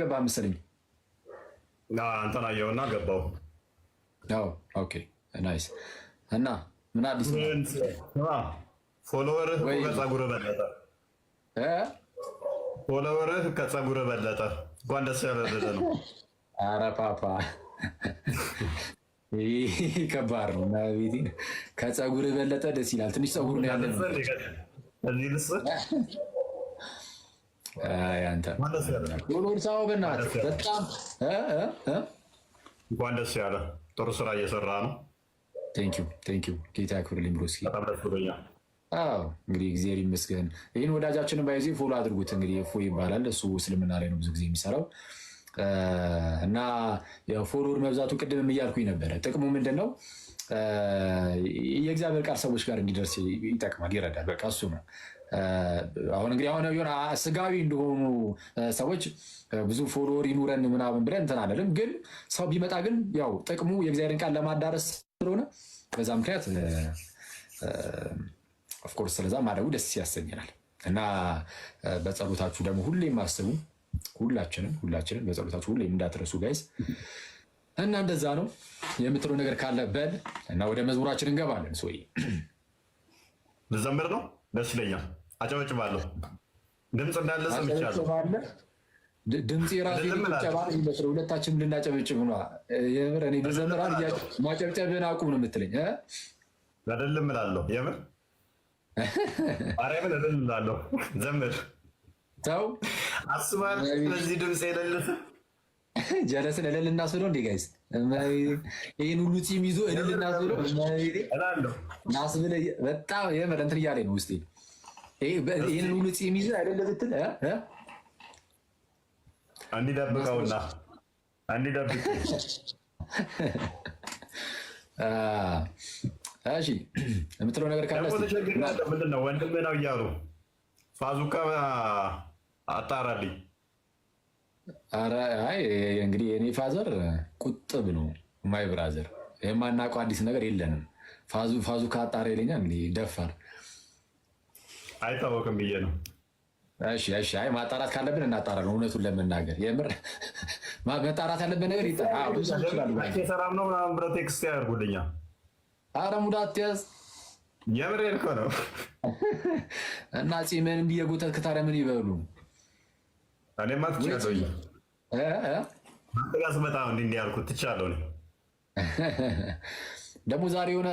ገባ መሰለኝ አንተን አየሁና ገባሁ። ኦኬ ናይስ። እና ምን አዲስ ፎሎወርህ ከጸጉር በለጠ፣ ፎሎወርህ ከጸጉር በለጠ። እንኳን ደስ ያለህ ነው። ኧረ ፓፓ ከባድ ነው። ቤቴ ከጸጉር በለጠ ደስ ይላል። ትንሽ ጸጉር ነው ያለ ነው ሳው እንኳን ደስ ያለ ጥሩ ስራ እየሰራ ነው። ቴንኪው ጌታ ያክብርልኝ እንግዲህ እግዚአብሔር ይመስገን። ይህን ወዳጃችንን ባይዜ ፎሎ አድርጉት። እንግዲህ ፎ ይባላል እሱ እስልምና ላይ ነው ብዙ ጊዜ የሚሰራው እና የፎሎወር መብዛቱ ቅድምም እያልኩኝ ነበረ። ጥቅሙ ምንድን ነው? የእግዚአብሔር ቃል ሰዎች ጋር እንዲደርስ ይጠቅማል፣ ይረዳል። በቃ እሱ ነው። አሁን እንግዲህ አሁን ሆነ ስጋዊ እንደሆኑ ሰዎች ብዙ ፎሎወር ይኑረን ምናምን ብለን እንትን ግን ሰው ቢመጣ ግን ያው ጥቅሙ የእግዚአብሔርን ቃል ለማዳረስ ስለሆነ በዛ ምክንያት ኦፍኮርስ ስለዛ ማድረጉ ደስ ያሰኝናል። እና በጸሎታችሁ ደግሞ ሁሌ ማስቡ ሁላችንም ሁላችንም በጸሎታችሁ ሁሌ እንዳትረሱ ጋይዝ። እና እንደዛ ነው የምትለው ነገር ካለ በል እና ወደ መዝሙራችን እንገባለን። ሶይ ልዘምር ነው ደስ ይለኛል። አጨበጭባለሁ። ድምፅ እንዳለ ሰምቻለሁ። ድምፅ የራሱ ጭብጨባ ይመስለ ሁለታችንም ልናጨበጭብ ነው። የምር እኔ ብዘምር ማጨብጨብን አቁም ነው የምትለኝ። አይደለም እላለሁ። የምር ማርያምን እልል እላለሁ። ዘምር ተው አስባል። ስለዚህ ድምፅ የሌለት ጀለስን እልል እናስብለው እንዴ ጋይስ? ይህን ሁሉ ፂም ይዞ እልል እናስብለው። ናስብለ በጣም የምር እንትን እያለኝ ነው ውስጤ ይህንን ሁሉ ጺም ይዘህ አይደለ ደብቀውና እሺ የምትለው ነገር ካለ ነው? ወንድም ነው እያሉ ፋዙካ አጣራልኝ። አይ እንግዲህ የኔ ፋዘር ቁጥብ ነው። ማይ ብራዘር የማናውቀው አዲስ ነገር የለንም። ፋዙካ አጣራ ይለኛል። እንግዲህ ደፋር አይታወቅም ብዬ ነው። እሺ እሺ። አይ ማጣራት ካለብን እናጣራለን። እውነቱን ለመናገር የምር መጣራት ያለብን ነገር ይጣራል። ነው ምናምን ብለው ቴክስት ያደርጉልኛል። አረ ሙዳት ያዝ የምር ልኮ ነው። እና ምን እንዲህ የጎተት ክታረ ምን ይበሉ እኔ ማትችላለሁ እ እ አንተ ስመጣ ነው እንዲህ ያልኩት ትቻለሁ ደግሞ ዛሬ የሆነ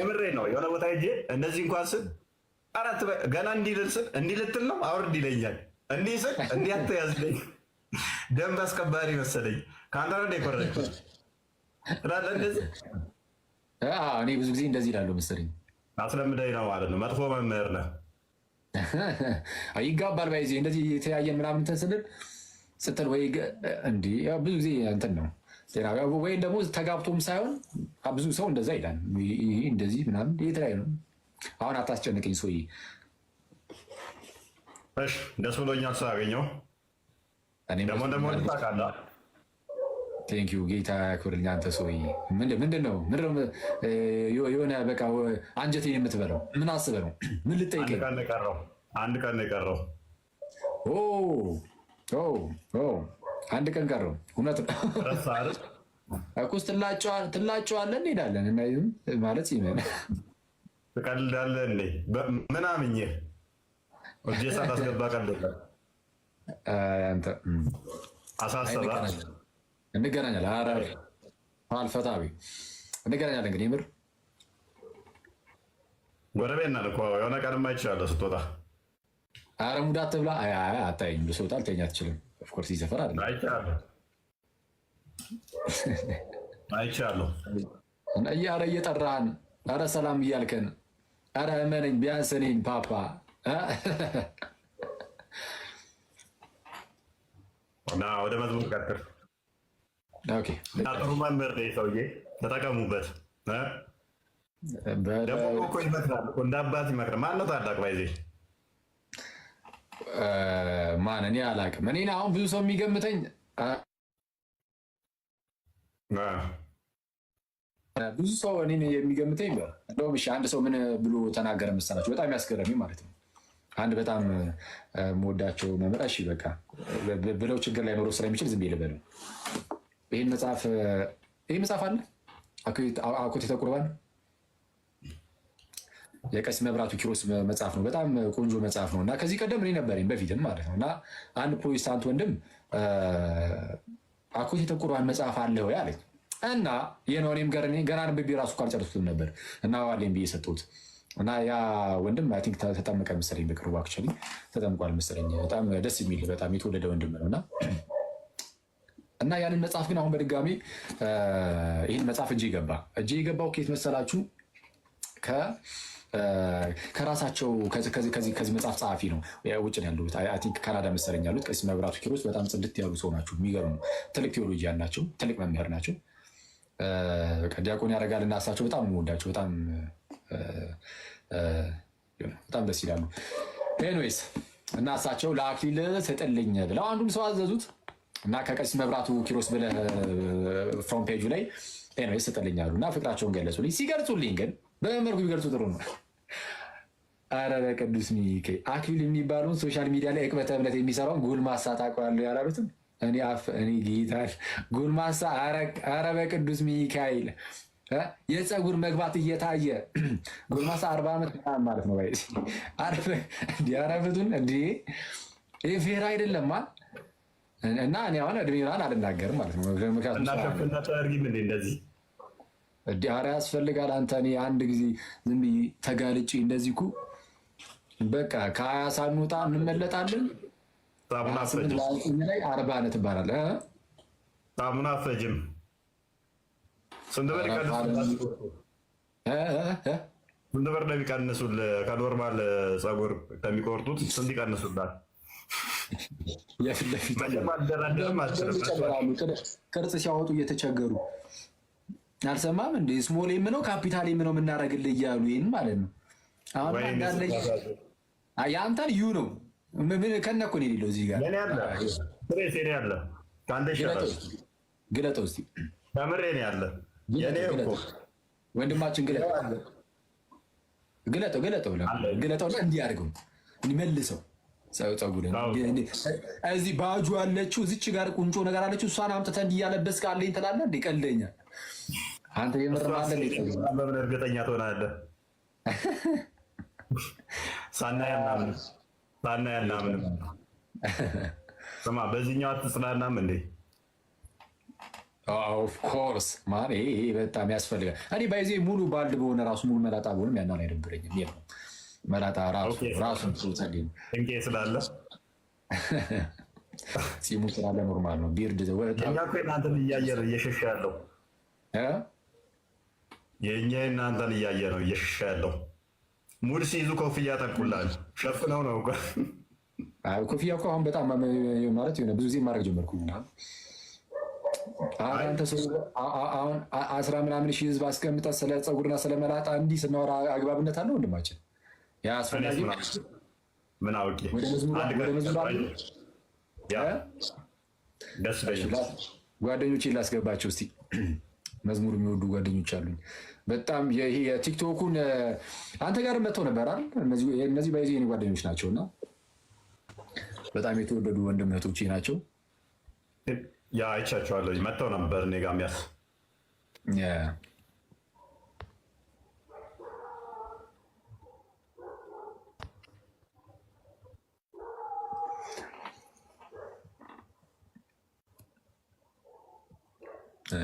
የምሬ ነው የሆነ ቦታ ሂጅ እነዚህ እንኳን ስል አራት ገና እንዲልስል እንዲልትል ነው አውርድ ይለኛል። እንዲህ ስል እንዲህ አትያዝለኝ ደንብ አስከባሪ መሰለኝ። ከአንተ ነው የኮረጅ እላለሁ። እኔ ብዙ ጊዜ እንደዚህ እላለሁ መሰለኝ። አስለምዳኝ ነው ማለት ነው። መጥፎ መምህር ነህ። ይጋባል ባይዜ እንደዚህ የተያየን ምናምን ተስልል ስትል ወይ እንዲ ብዙ ጊዜ እንትን ነው ወይም ደግሞ ተጋብቶም ሳይሆን ብዙ ሰው እንደዛ ይላል። እንደዚህ ምናምን የተለያዩ ነው አሁን አታስጨንቅኝ ሶይ እሺ ደስ ብሎኛል ስላገኘው። ቴንኪው ጌታ ያክብርልኝ። አንተ ሰውዬ ምንድን ነው የሆነ በቃ አንጀት የምትበለው ምን አስበህ ነው? ምን ልጠይቀኝ? አንድ ቀን የቀረው አንድ ቀን ቀረው። እውነት ነው እኮ ትላጨዋለህ። እንሄዳለን ማለት ይመ ትቀልዳለህ እንዴ? ምናምን ይህ እጄ ሳታስገባ ቀልድ አሳሰባ እንገናኛለን። ኧረ አልፈታ እንገናኛለን። እንግዲህ ምር ጎረቤት ነን እኮ የሆነ ቀን ማይችላለሁ ስትወጣ አረ ሙዳት ብላ አታይም። ልስወጣ ልተኛ አትችልም። ኦፍኮርስ ይዘፈር አለ አይቻለሁ። እና እያረ እየጠራህን አረ ሰላም እያልከን አረ እመነኝ፣ ቢያንስ እኔን ፓፓ እና ወደ መዝሙር ቀጥል። ጥሩ መምህር ሰውዬ ተጠቀሙበት። ደግሞ እኮ ይመክራል፣ እንደ አባት ይመክራል። ማነው ታላቅ ባይዜ ማን? እኔ አላውቅም። እኔን አሁን ብዙ ሰው የሚገምተኝ ብዙ ሰው እኔ የሚገምተኝ እንደውም አንድ ሰው ምን ብሎ ተናገረ መሰላችሁ? በጣም ያስገረሚ ማለት ነው። አንድ በጣም የምወዳቸው መምህር እሺ በቃ ብለው ችግር ላይ ኖሮ ስለሚችል ዝም ልበል ነው ይህን መጽሐፍ ይህ መጽሐፍ አለ አኮቴተ ቁርባን የቀሲስ መብራቱ ኪሮስ መጽሐፍ ነው። በጣም ቆንጆ መጽሐፍ ነው እና ከዚህ ቀደም እኔ ነበረኝ በፊትም ማለት ነው እና አንድ ፕሮቴስታንት ወንድም አኮቴተ ቁርባን መጽሐፍ አለ ወይ አለኝ እና የኖኔም ገና አንብቤ ራሱ ካልጨረሱትም ነበር እና ዋሌም ብዬ ሰጡት እና ያ ወንድም አይ ቲንክ ተጠምቀ መሰለኝ በቅርቡ አክቹዋሊ ተጠምቋል መሰለኝ። በጣም ደስ የሚል በጣም የተወለደ ወንድም ነው እና እና ያንን መጽሐፍ ግን አሁን በድጋሚ ይህን መጽሐፍ እጄ ገባ። እጄ የገባው ኬት መሰላችሁ? ከራሳቸው ከዚህ መጽሐፍ ጸሐፊ ነው። ውጭ ነው ያሉት፣ አይ ቲንክ ካናዳ መሰለኝ ያሉት ቀሲስ መብራቱ ኪሮስ። በጣም ጽድት ያሉ ሰው ናቸው። የሚገርሙ ትልቅ ቴዎሎጂ ያላቸው ትልቅ መምህር ናቸው። ዲያቆን ያደርጋል እና እሳቸው በጣም ወዳቸው በጣም በጣም ደስ ይላሉ። ኤንዌይስ እና እሳቸው ለአክሊል ስጥልኝ ብለው አንዱም ሰው አዘዙት እና ከቀሲስ መብራቱ ኪሮስ ብለህ ፍሮም ፔጁ ላይ ኤንዌይስ ስጥልኝ አሉ እና ፍቅራቸውን ገለጹልኝ። ሲገልጹልኝ ግን በምን መልኩ ቢገልጹ ጥሩ ነው? ኧረ በቅዱስ ሚካኤል አክሊል የሚባለውን ሶሻል ሚዲያ ላይ እቅበተ እምነት የሚሰራውን ጉልማሳ ታውቀዋለህ ያላሉትም እኔ አፍ እኔ ጌታል ጎልማሳ አረ በቅዱስ ሚካኤል የፀጉር መግባት እየታየ ጎልማሳ አርባ ዓመት ማለት ነው። አረፍቱን እንዲ ይህ ፌር አይደለም እና እኔ አሁን እድሜ አልናገርም ማለት ነው። እንደዚህ ኧረ ያስፈልጋል። አንተ እኔ አንድ ጊዜ ዝም ብዬ ተጋልጬ እንደዚህ እኮ በቃ ከሀያ ሳንወጣ እንመለጣለን ላይ አርባ ነህ ትባላለህ። ሳሙና አትፈጅም። ስንት ብር ስንት ብር ነው የሚቀንሱልህ? ከኖርማል ፀጉር ከሚቆርጡት ስንት ይቀንሱላል? ቅርጽ ሲያወጡ እየተቸገሩ አልሰማም እንደ ስሞል የምነው ካፒታል የምነው የምናደርግልህ እያሉ ይህን ማለት ነው። አሁን ያንተን ዩ ነው ከነ እኮ ነው የሌለው እዚህ ጋር ያለ ከአንተ ይሻላል። ግለጠው እስኪ ከምሬ ነው ያለ ወንድማችን ግለጠው፣ ግለጠው፣ ግለጠው፣ ግለጠው እና እንዲህ አድርገው መልሰው ጸጉር እዚህ ባጁ አለችው እዚች ጋር ቁንጮ ነገር አለችው። እሷን አምጥተህ እንዲህ እያለበስክ አለኝ ትላለህ እንዴ? ቀልደኛ አንተ የምርማለበምን እርግጠኛ ትሆናለህ? ሳናያ ምናምን ያና ምንም ስማ፣ በዚህኛው አትጽናናም እንዴ? ኦፍኮርስ ማን ይሄ በጣም ያስፈልጋል። እኔ ባይዜ ሙሉ ባልድ በሆነ ራሱ ሙሉ መላጣ በሆንም ያናን አይደብረኝም። ይሄ ነው መላጣ ራሱ ራሱ ስላለ ጺሙ ስላለ ኖርማል ነው። ቢርድ ወጣኛ እናንተን እያየ ነው እየሸሸ ያለው የእኛ እናንተን እያየ ነው እየሸሸ ያለው ሙድ ሲይዙ ኮፍያ ተኩላል ሸፍነው ነው እኮ ኮፍያ እኮ አሁን በጣም ማለት የሆነ ብዙ ጊዜ ማድረግ ጀመርኩ። አንተ አሁን አስራ ምናምን ሺህ ህዝብ አስቀምጠ ስለ ፀጉርና ስለ መላጣ እንዲህ ስናወራ አግባብነት አለው ወንድማችን? ያ አስፈላጊ ምን አውቄ ደስ ጓደኞቼ ላስገባቸው እስቲ መዝሙር የሚወዱ ጓደኞች አሉኝ። በጣም የቲክቶኩን አንተ ጋር መጥተው ነበር አይደል? እነዚህ ባይዜ የኔ ጓደኞች ናቸው እና በጣም የተወደዱ ወንድም እህቶቼ ናቸው። ያ አይቻቸዋለሁ። መጥተው ነበር እኔ ጋር ሚያስ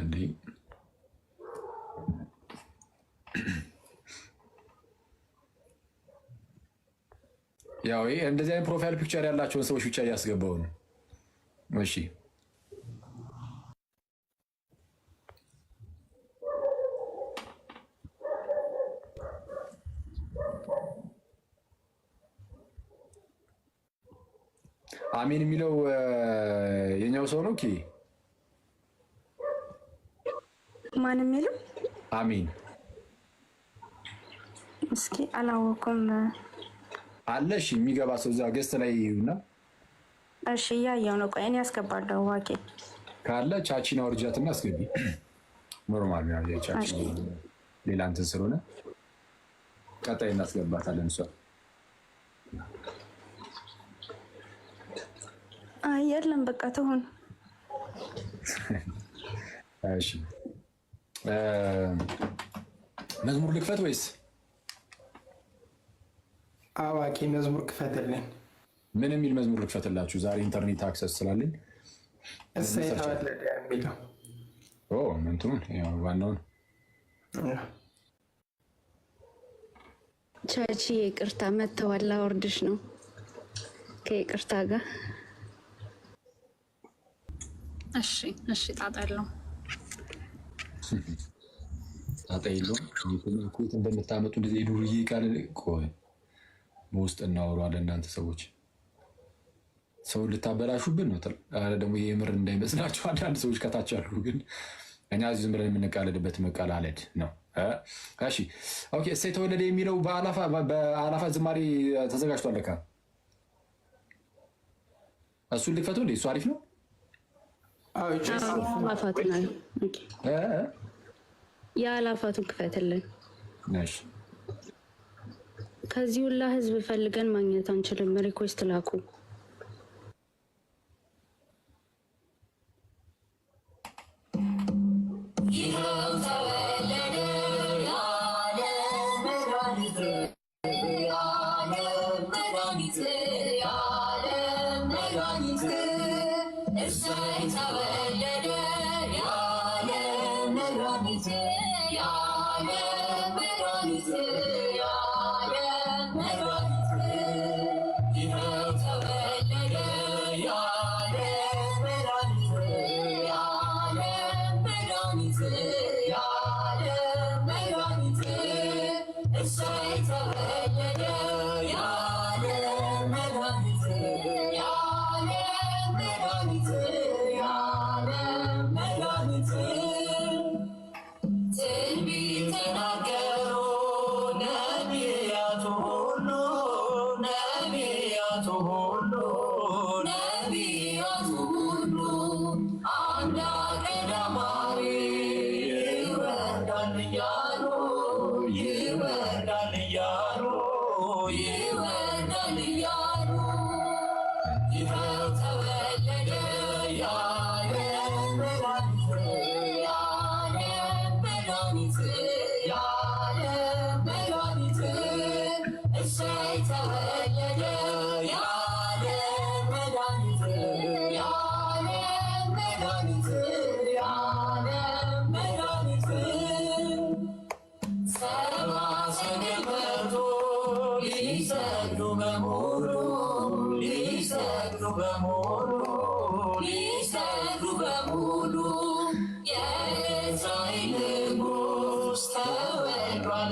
እንዲህ ያው ይህ እንደዚህ አይነት ፕሮፋይል ፒክቸር ያላቸውን ሰዎች ብቻ እያስገባው ነው። እሺ አሜን የሚለው የኛው ሰው ነው። ኪ ማን የሚለው አሜን እስኪ አላወኩም። አለ እሺ፣ የሚገባ ሰው እዛ ገስት ላይ ይዩና፣ እሺ፣ እያየው ነው። ቆይ እኔ ያስገባለሁ። ዋቄ ካለ ቻቺና ወርጃትና አስገቢ። ኖርማል ነው ያለው ቻቺ፣ ሌላ እንትን ስለሆነ ቀጣይ እናስገባታለን። እሷ አይ የለም፣ በቃ ትሆን። እሺ መዝሙር ልክፈት ወይስ አዋቂ መዝሙር ክፈትልን። ምን የሚል መዝሙር ልክፈትላችሁ? ዛሬ ኢንተርኔት አክሰስ ስላለኝ እሰይ ተወለደ የሚለው እንትኑን ዋናውን ቻቺ ይቅርታ መተዋላ ወርድሽ ነው ከይቅርታ ጋር እሺ፣ እሺ ጣጣ የለውም ጣጣ የለውም። እንደምታመጡ እንደዚህ ዱርዬ ቃል ቆይ በውስጥ እናወራለን። እናንተ ሰዎች ሰው ልታበላሹብን ነው። አረ ደግሞ ይሄ ምር እንዳይመስላችሁ አንዳንድ ሰዎች ከታች አሉ። ግን እኛ ዝም ብለን የምንቃለድበት መቀላለድ ነው። እሺ ኦኬ። እሰይ ተወለደ የሚለው በአላፋ ዝማሬ ተዘጋጅቷል ለካ። እሱን ልክፈቱ እንዴ? እሱ አሪፍ ነው። የአላፋቱን ክፈትልን። እሺ ከዚህ ሁላ ህዝብ ፈልገን ማግኘት አንችልም። ሪኩዌስት ላኩ።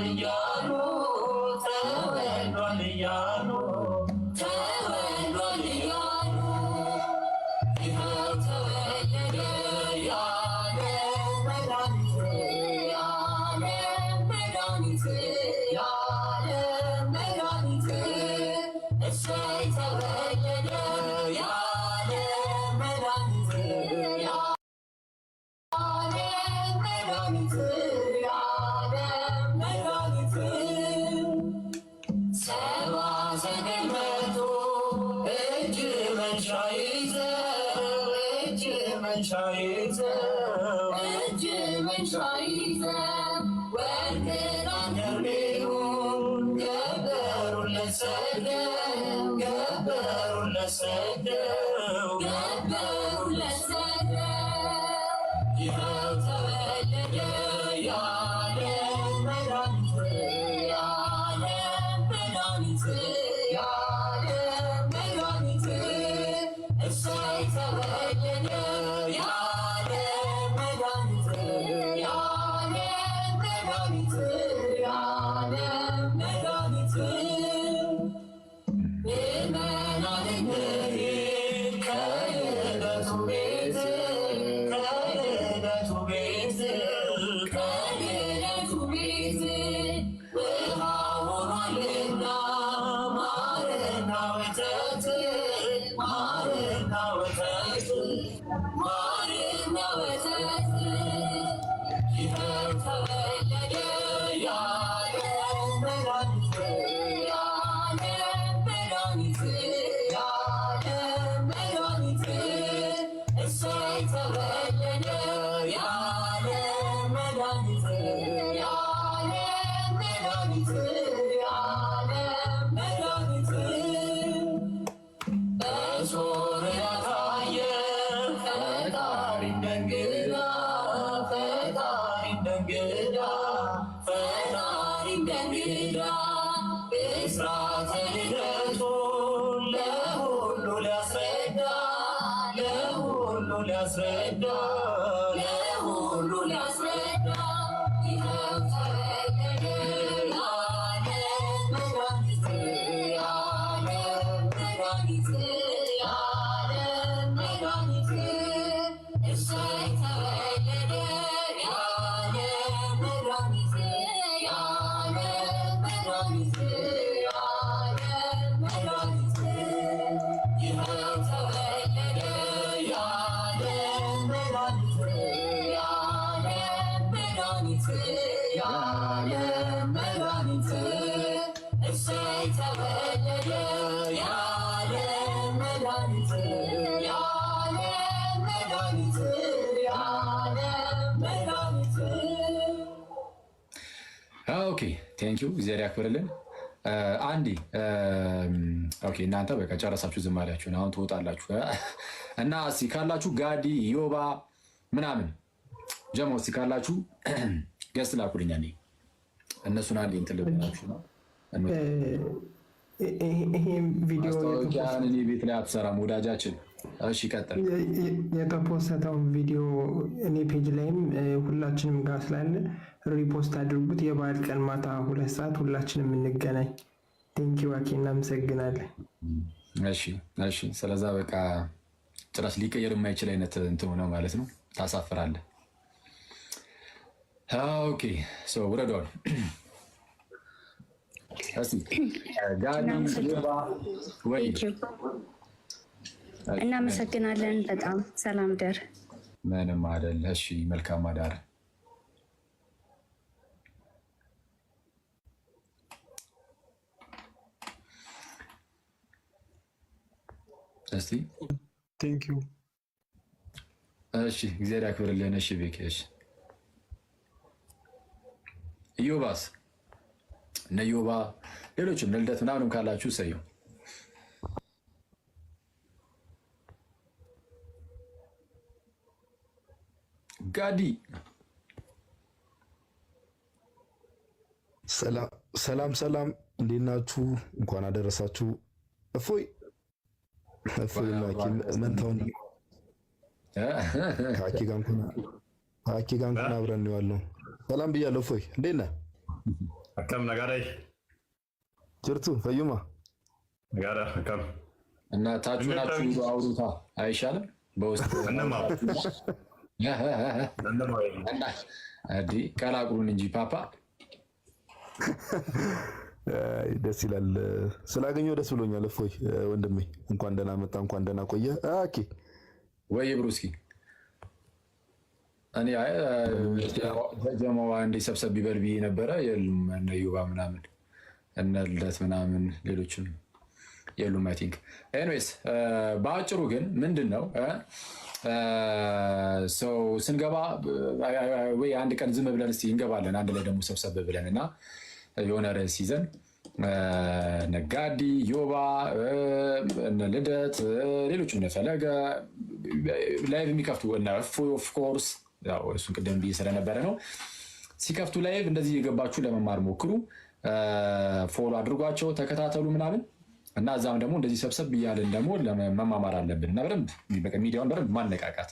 Hallelujah. ቴንኪ እግዚአብሔር ያክብርልን። አንዲ ኦኬ፣ እናንተ በቃ ጨረሳችሁ ዝማሪያችሁን፣ አሁን ትወጣላችሁ እና እስኪ ካላችሁ ጋዲ ዮባ ምናምን ጀሞ እስኪ ካላችሁ ገስ ላኩልኛ እነሱን አንድ እንትን ልብላችሁ ነው። ይሄም ቪዲዮ ማስታወቂያን እኔ ቤት ላይ አትሰራም ወዳጃችን እሺ ቀጥል። የተፖሰተውን ቪዲዮ እኔ ፔጅ ላይም ሁላችንም ጋር ስላለ ሪፖስት አድርጉት። የበዓል ቀን ማታ ሁለት ሰዓት ሁላችንም እንገናኝ። ቴንኪ ዋኪ፣ እናመሰግናለን። እሺ፣ እሺ። ስለዛ በቃ ጭራሽ ሊቀየር የማይችል አይነት እንትኑ ነው ማለት ነው። ታሳፍራለህ። ኦኬ፣ ሶ ውረዷል። ጋኒ ወይ እናመሰግናለን። በጣም ሰላም ደር። ምንም አይደለ። እሺ፣ መልካም አዳር። እስቲ ቴንክ ዩ። እሺ፣ እግዚአብሔር ያክብርልን። እሺ፣ ቤክ እሺ፣ ኢዮባስ እነ ኢዮባ ሌሎችም ልደት ምናምንም ካላችሁ ሰየው ጋዲ ሰላም ሰላም፣ እንዴት ናችሁ? እንኳን አደረሳችሁ። እፎይ እፎይ፣ ላኪን መንታውን ከአኬ ጋር እንኳን አብረን ነው ያለው። ሰላም ብያለሁ። እፎይ፣ እንዴት ነህ? አከም ነጋዳይ ጅርቱ ፈዩማ ነጋዳ አከም እና ታችሁ ናችሁ አውሩታ አይሻልም? በውስጥ እንማው ቀላቅሉን እንጂ ፓፓ ደስ ይላል። ስላገኘው ደስ ብሎኛል። እፎይ ወንድሜ እንኳን ደህና መጣ፣ እንኳን ደህና ቆየ። ኦኬ ወይ ብሩስኪ እኔ ጀማዋ እንዴ ሰብሰብ ቢበል ብዬ ነበረ። የሉም እነ ዩባ ምናምን እነ ልደት ምናምን ሌሎችም የሉም። አይ ቲንክ ኤኒዌይስ፣ በአጭሩ ግን ምንድን ነው ሰው uh, ስንገባ uh, ወይ አንድ ቀን ዝም ብለን እስኪ እንገባለን አንድ ላይ ደግሞ ሰብሰብ ብለን እና የሆነ ርዕስ ይዘን uh, ነጋዲ፣ ዮባ፣ ልደት፣ ሌሎች ፈለገ ላይቭ የሚከፍቱ ኦፍኮርስ እሱን ቅድም ብዬ ስለነበረ ነው። ሲከፍቱ ላይቭ እንደዚህ የገባችሁ ለመማር ሞክሩ፣ ፎሎ አድርጓቸው፣ ተከታተሉ ምናምን እና እዛም ደግሞ እንደዚህ ሰብሰብ እያልን ደግሞ መማማር አለብን እና በደንብ ሚዲያውን በደንብ ማነቃቃት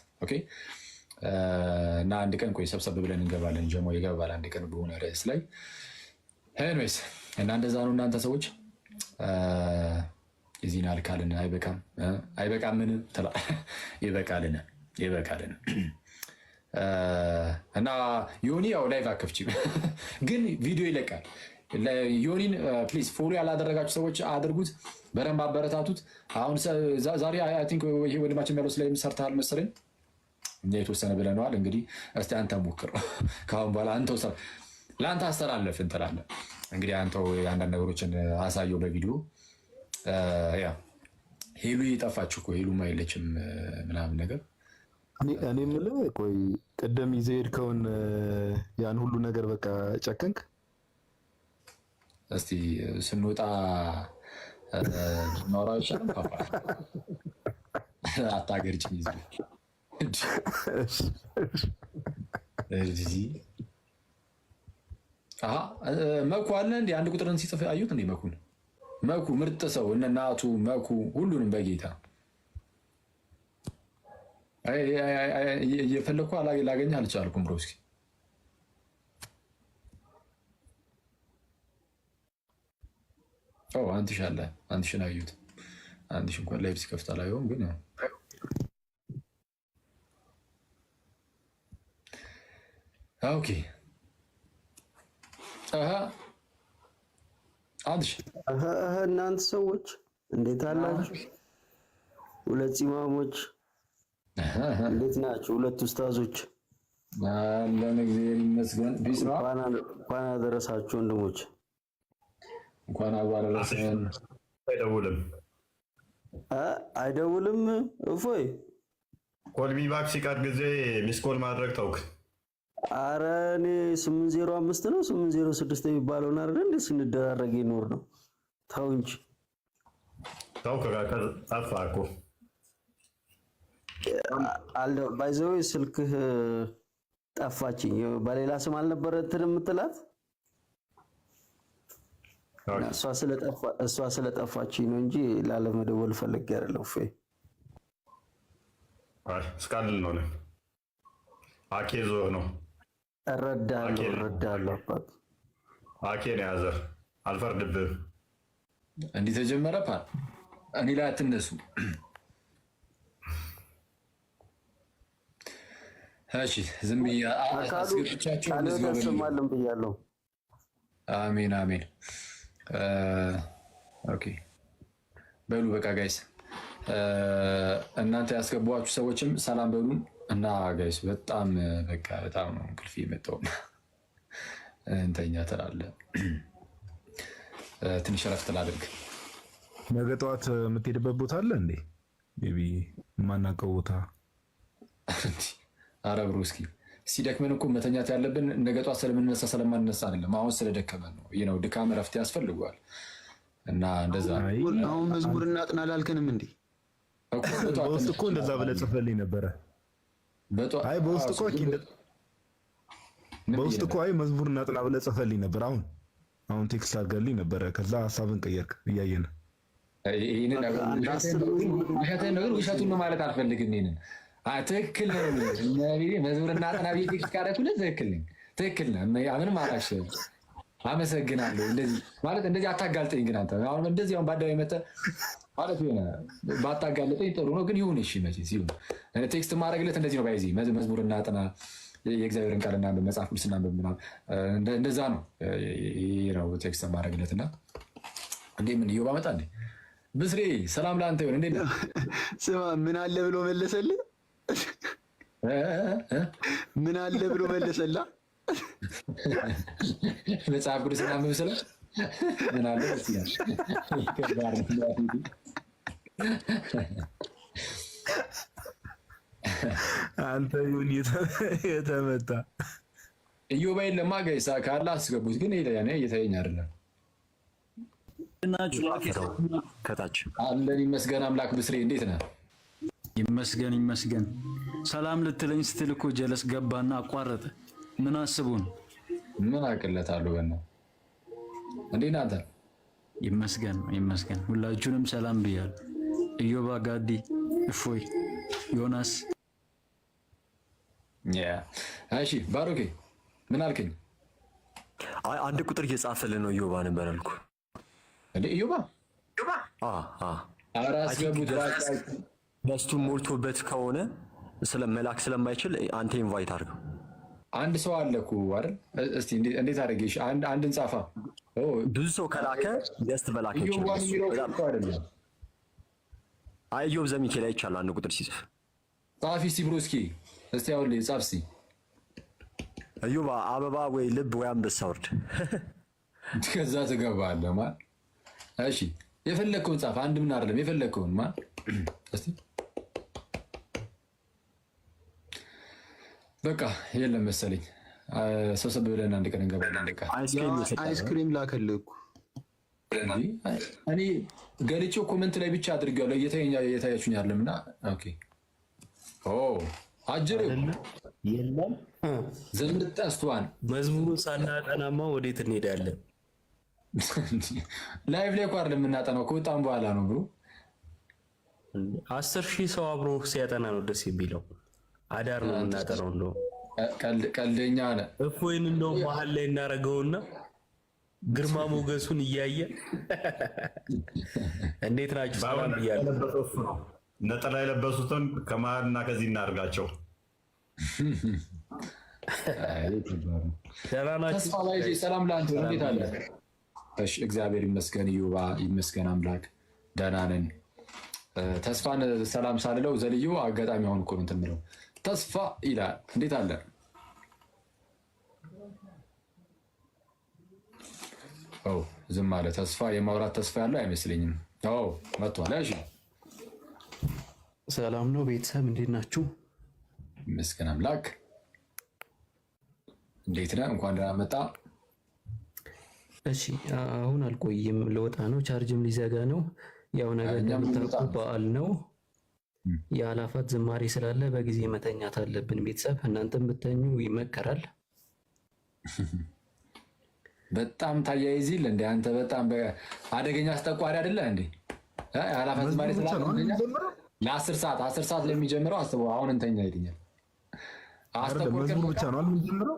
እና አንድ ቀን ቆይ ሰብሰብ ብለን እንገባለን። ጀሞ የገባል አንድ ቀን በሆነ ርዕስ ላይ ኤኒዌይስ። እና እንደዛ ነው እናንተ ሰዎች የዚህን አልካልን አይበቃም አይበቃምን? ይበቃልን ይበቃልን። እና ዮኒ ያው ላይቭ አከፍችም ግን ቪዲዮ ይለቃል ዮኒን ፕሊዝ uh, ፎሎ ያላደረጋችሁ ሰዎች አድርጉት፣ በደንብ አበረታቱት። አሁን ዛሬ አይ ቲንክ ይሄ ወንድማችን ያለው ስለ ሰርተሃል መሰለኝ እኛ የተወሰነ ብለነዋል። እንግዲህ እስቲ አንተ ሞክር፣ ከአሁን በኋላ አንተው ለአንተ አስተላለፍ እንትላለ እንግዲህ አንተው አንዳንድ ነገሮችን አሳየው በቪዲዮ uh, ያ ሄሉ ጠፋች እኮ ሄሉ የለችም ምናምን ነገር እኔ የምልህ ቆይ ቅድም ይዘህ ሄድከውን uh, ያን ሁሉ ነገር በቃ ጨከንክ እስቲ ስንወጣ ኖራ ይሻልም አታገርጭኝ መኩ አለ እንዲ አንድ ቁጥርን ሲጽፍ አዩት። እንዲ መኩን መኩ ምርጥ ሰው እነ ናቱ መኩ ሁሉንም በጌታ እየፈለግኩ ላገኝ አልቻልኩም ብሮስኪ አንድ ሺህ አለ። አንድ ሺህን አዩት። አንድ ሺህ እንኳን ላይቭ ሲከፍት አላየሁም፣ ግን ያው ኦኬ እናንተ ሰዎች እንዴት አላችሁ? ሁለት ኢማሞች እንዴት ናችሁ? ሁለት ውስታዞች አለን። እግዚአብሔር ይመስገን። እንኳን አደረሳችሁ ወንድሞች። እንኳን አብሮ አደረሰን። አይደውልም አይደውልም። እፎይ ኮልሚ ባክ ሲቀር ጊዜ ሚስኮል ማድረግ ተውክ። አረ እኔ ስምንት ዜሮ አምስት ነው ስምንት ዜሮ ስድስት የሚባለውን አረ እንደ ስንደራረግ ይኖር ነው። ተው እንጂ ተውክ። ከቀር ጠፋ እኮ ባይዘዌ ስልክህ ጠፋችኝ። በሌላ ስም አልነበረ እንትን የምትላት እሷ ስለጠፋች ነው እንጂ ላለመደወል ፈልጌ አይደለም። ፌ እስካልል ነው አኬ ዞ ነው እረዳለሁ፣ እረዳለሁ። አባት አኬ ነው ያዘህ፣ አልፈርድብህም። እንዲህ ተጀመረ ፓል እኔ ላይ አትነሱ። እሺ ዝም ብዬ አስገብቻቸው ብያለሁ። አሜን አሜን ኦኬ በሉ በቃ ጋይስ፣ እናንተ ያስገቧችሁ ሰዎችም ሰላም በሉን እና ጋይስ፣ በጣም በቃ በጣም ነው እንቅልፍ የመጣው እንተኛ ትላለ። ትንሽ ረፍት ላድርግ። ነገ ጠዋት የምትሄድበት ቦታ አለ እንዴ? ቢ የማናውቀው ቦታ አረብሮ እስኪ ሲደክመን እኮ መተኛት ያለብን ነገ ጧት ስለምንነሳ ስለማንነሳ አይደለም። አሁን ስለደከመን ነው። ነው ድካም እረፍት ያስፈልገዋል እና እንደዛ አሁን መዝሙር እናጥና አላልከንም እንዴ? በውስጥ እኮ እንደዛ ብለህ ጽፈልኝ ነበረ። አይ በውስጥ እኮ በውስጥ እኮ አይ መዝሙር እናጥና ብለህ ጽፈልኝ ነበር። አሁን አሁን ቴክስት አድርገልኝ ነበረ። ከዛ ሀሳብን ቀየርክ እያየን ይህንን ነገር ውሸቱን ነው ማለት አልፈልግም ይህንን ትክክል ነው። መዝሙርና ጥና ቤት ትውልድ ትክክል ነኝ። ትክክል ነህ። ምንም አላሽ። አመሰግናለሁ። እንደዚህ ማለት እንደዚህ አታጋልጠኝ። ግን አንተ አሁን እንደዚህ አሁን በአደባባይ መተህ ማለት ሆነ ባታጋልጠኝ ጥሩ ነው። ግን ይሁን። እሺ መቼስ ይሁን። ቴክስት ማድረግለት እንደዚህ ነው። ባይዚ መዝሙርና ጥና የእግዚአብሔርን ቃል ቃልና መጽሐፍ ቅዱስና ምናምን እንደዛ ነው ይረው ቴክስት ማድረግለት እና እንዴ ምን እየው ባመጣልኝ ብስሬ ሰላም ለአንተ ይሁን። እንዴ ስማ ምን አለ ብሎ መለሰልህ ምን አለ ብሎ መለሰላ። መጽሐፍ ቅዱስ ና ምብስላ ምን አለ ይላል። አንተ ይሁን የተመታ ኢዮባይን ለማገኝ ካለ አስገቡት፣ ግን እኔ እየታየኝ አይደለም። ከታች አለን። ይመስገን አምላክ ምስሬ፣ እንዴት ነህ? ይመስገን ይመስገን ሰላም ልትለኝ ስትል እኮ ጀለስ ገባና አቋረጠ። ምን አስቡን? ምን አቅለታለሁ። በነ እንዴት ናት? ይመስገን ይመስገን። ሁላችሁንም ሰላም ብያሉ። እዮባ፣ ጋዲ፣ እፎይ፣ ዮናስ። ያ እሺ፣ ባሮኬ ምን አልከኝ? አይ አንድ ቁጥር እየጻፈልን ነው። እዮባ ነበር አልኩ። እንዴ እዮባ እዮባ አ አ አራስ በስቱ ሞልቶበት ከሆነ ስለመላክ ስለማይችል አንተ ኢንቫይት አድርገው። አንድ ሰው አለኩ አይደል? እንዴት አድርጌ አንድ አንድ እንጻፋ። ብዙ ሰው ከላከ ደስት በላከ ይችላል። አዮብ ዘሚካኤል አይቻል አንድ ቁጥር ሲጽፍ ጻፊ ሲብሮስኪ እስቲ አሁን ጻፍ ሲ አዮብ አበባ ወይ ልብ ወይ አንበሳ ወርድ ከዛ ትገባለህ ማለት እሺ። የፈለግከውን ጻፍ አንድ ምን አይደለም የፈለግከውን ማለት እስቲ በቃ የለም መሰለኝ ሰብሰብ ብለን አንድ ቀን እንገባለን። አይስክሪም ላከልኩ እኔ ገልጬው ኮመንት ላይ ብቻ አድርጌዋለሁ። እየታያችሁኝ አይደለም እና አጅሬ የለም ዘምር ጠፍቷል። መዝሙሩን ሳናጠናማ ወዴት እንሄዳለን? ላይቭ ላይ ኳር የምናጠናው ከወጣም በኋላ ነው ብሎ አስር ሺህ ሰው አብሮ ሲያጠና ነው ደስ የሚለው። አዳር ነው የምናጠነው። እንደው ቀልደኛ ነህ። እፎይን እንደው መሀል ላይ እናደርገውና ግርማ ሞገሱን እያየ እንዴት ናችሁ ሰላም ብያለሁ። ነጠላ የለበሱትን ከመሀል እና ከዚህ እናድርጋቸው። ሰላም ለአንተ እንዴት አለ? እግዚአብሔር ይመስገን። ዩባ ይመስገን አምላክ ደህና ነን። ተስፋን ሰላም ሳልለው ዘልዩ አጋጣሚ አሁን እኮ ነው እንትን የምለው ተስፋ ይላል። እንዴት አለ ው ዝም አለ። ተስፋ የማውራት ተስፋ ያለው አይመስለኝም። ው መጥቷል። እሺ ሰላም ነው ቤተሰብ፣ እንዴት ናችሁ? ምስገን አምላክ እንዴት ነህ? እንኳን ደህና መጣ። እሺ አሁን አልቆይም፣ ልወጣ ነው። ቻርጅም ሊዘጋ ነው። ያው ነገር እንደምታውቁ በዓል ነው የአላፋት ዝማሬ ስላለ በጊዜ መተኛት አለብን። ቤተሰብ እናንተም ብተኙ ይመከራል። በጣም ታያይዝ ይል እንደ አንተ በጣም አደገኛ አስጠቋሪ አይደለ እንዴ? የአላፋት ዝማሬ ስላለ ለአስር ሰዓት አስር ሰዓት ለሚጀምረው አስበ አሁን እንተኛ ይልኛል። መዝሙር ብቻ ነው አልምጀምረው።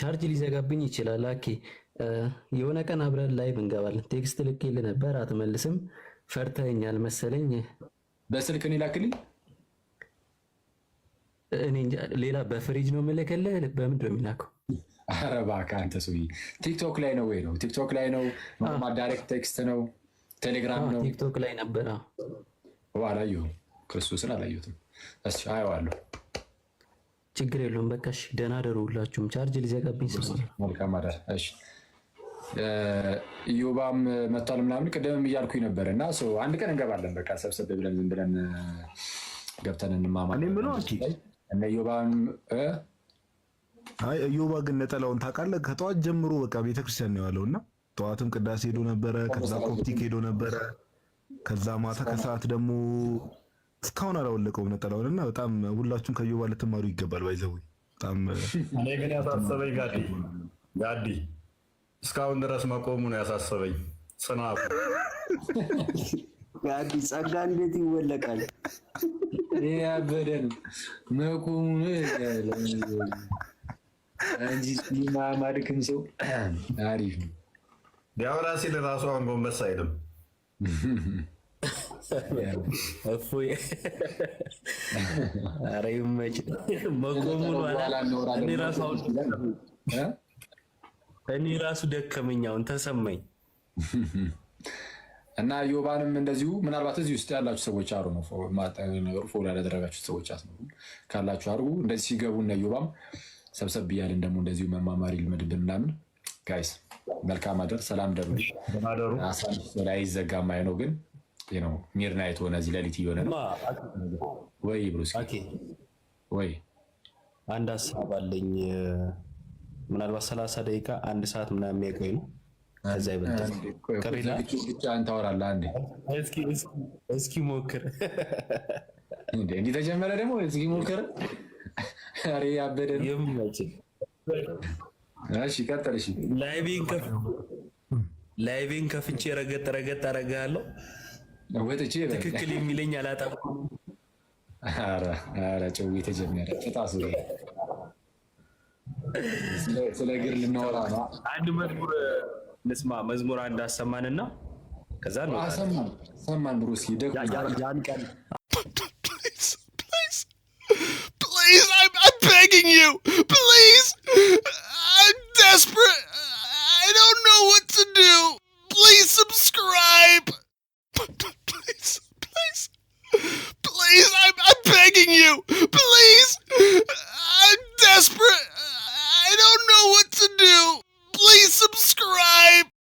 ቻርጅ ሊዘጋብኝ ይችላል። አኬ የሆነ ቀን አብረን ላይ ብንገባል። ቴክስት ልኬልህ ነበር አትመልስም። ፈርተኛል መሰለኝ በስልክ እኔ ላክልኝ። እኔ ሌላ በፍሪጅ ነው የምልክልህ። በምንድን ነው የሚላከው? ኧረ እባክህ አንተ ሰውዬ፣ ቲክቶክ ላይ ነው ወይ ነው? ቲክቶክ ላይ ነው ዳይሬክት ቴክስት ነው? ቴሌግራም ነው? ቲክቶክ ላይ ነበረ። አላየሁም፣ ክርስቶስን አላየሁትም። እሺ አየዋለሁ። ችግር የለውም። በቃ ደህና ደሩ ሁላችሁም። ቻርጅ ሊዘጋብኝ ስለሆነ መልካም አዳር። እሺ ኢዮባም መቷል ምናምን ቅድምም እያልኩኝ ነበር እና አንድ ቀን እንገባለን። በቃ ሰብሰብ ብለን ዝም ብለን ገብተን እንማማለን። እነ ግን ነጠላውን ታውቃለህ? ከጠዋት ጀምሮ በቃ ቤተክርስቲያን ነው ያለው እና ጠዋትም ቅዳሴ ሄዶ ነበረ፣ ከዛ ኮፕቲክ ሄዶ ነበረ፣ ከዛ ማታ ከሰዓት ደግሞ እስካሁን አላወለቀውም ነጠላውን እና በጣም ሁላችሁም ከኢዮባ ልትማሩ ይገባል። ባይዘው በጣም እኔ ግን ያሳሰበኝ ጋዲ ጋዲ እስካሁን ድረስ መቆሙ ነው ያሳሰበኝ። ጽናቱ አዲስ ጸጋ እንዴት ይወለቃል? ይህ ያበደን መቆሙ እንጂ ማማድክም ሰው አሪፍ ነው። ዲያውላ ሲል ራሱ አሁን ጎንበስ አይልም። እፎይ ኧረ ይመችህ። መቆሙን ኋላ እኔ ራሱ አሁን እኔ ራሱ ደከመኛውን ተሰማኝ። እና ዮባንም እንደዚሁ ምናልባት እዚህ ውስጥ ያላችሁ ሰዎች አሩ ነው ነገሩ ፎሎ ያላደረጋችሁ ሰዎች አስነሩ ካላችሁ አርጉ። እንደዚህ ሲገቡ እና ዮባም ሰብሰብ እያልን ደግሞ እንደዚሁ መማማሪ ልመድብን ምናምን። ጋይስ መልካም አደር፣ ሰላም ደሩ። አይዘጋም ማይ ነው ግን ነው ሚድናይት ሆነ፣ እዚህ ሌሊት እየሆነ ነው። ወይ ብሩስ ወይ አንድ ሀሳብ አለኝ ምናልባት ሰላሳ ደቂቃ አንድ ሰዓት ምናምን የሚያቆይ ነው። ከዛ ይበልጣል። ብቻ ሞክር። እንዲህ ተጀመረ ደግሞ እስኪ ሞክር። ኧረ ያበደ ከፍቼ ረገጥ ረገጥ አደርግሃለሁ። ወጥቼ ትክክል የሚለኝ አላጣም። ኧረ ኧረ ጨው ተጀመረ። ስለ እግር ልናወራ ነው። አንድ መዝሙር ልስማ፣ መዝሙር አንድ አሰማንና ከዛ ሰማን ሰማን ብሩሲ ያን ቀን Please, I'm, begging you. Please, I'm desperate. I don't know what to do. Please subscribe. Please, please, please, I'm, I'm begging you. Please, I'm desperate. I don't know what to do. Please subscribe.